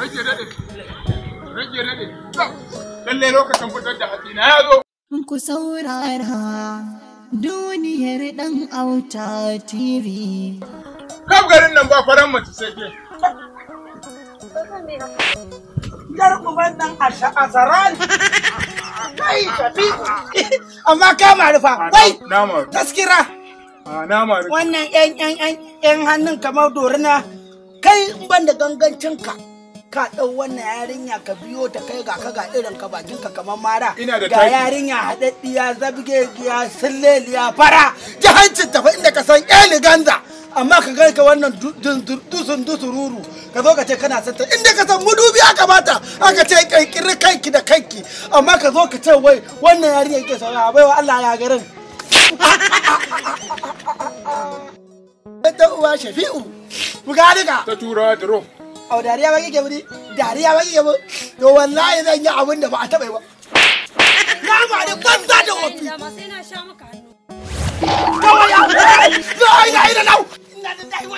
rage daɗe rage daɗe lalle lokacin fitar da hatsina ya zo ku saurara duniyar ɗan auta tv kam garin nan ba faran mace sai ke Yar nan a sha'azaran kai tafi amma kama rufa kai taskira wannan yan yan yan hannun kamar dorina kai ban da gangancinka ka ɗau wannan yarinya ka biyo ta kai ga ka irin ka bakin ka kamar mara ga yarinya haɗaɗɗiya giya sulleliya fara jahancin tafi inda ka san eli ganza amma ka kai ka wannan dusun dusururu ka zo ka ce kana santa inda ka san mudubi aka bata aka ce kirkiri kanki da kanki amma ka zo ka ce wai wannan yarinya yake sauya bai wa Allah ya garin ta uwa shafi'u ku ga ta tura da ro. au dariya ba kike budi dariya ba kike to wallahi zan yi abin da ba a taba yi ba na ma da banza da ofi kawai ya na ina da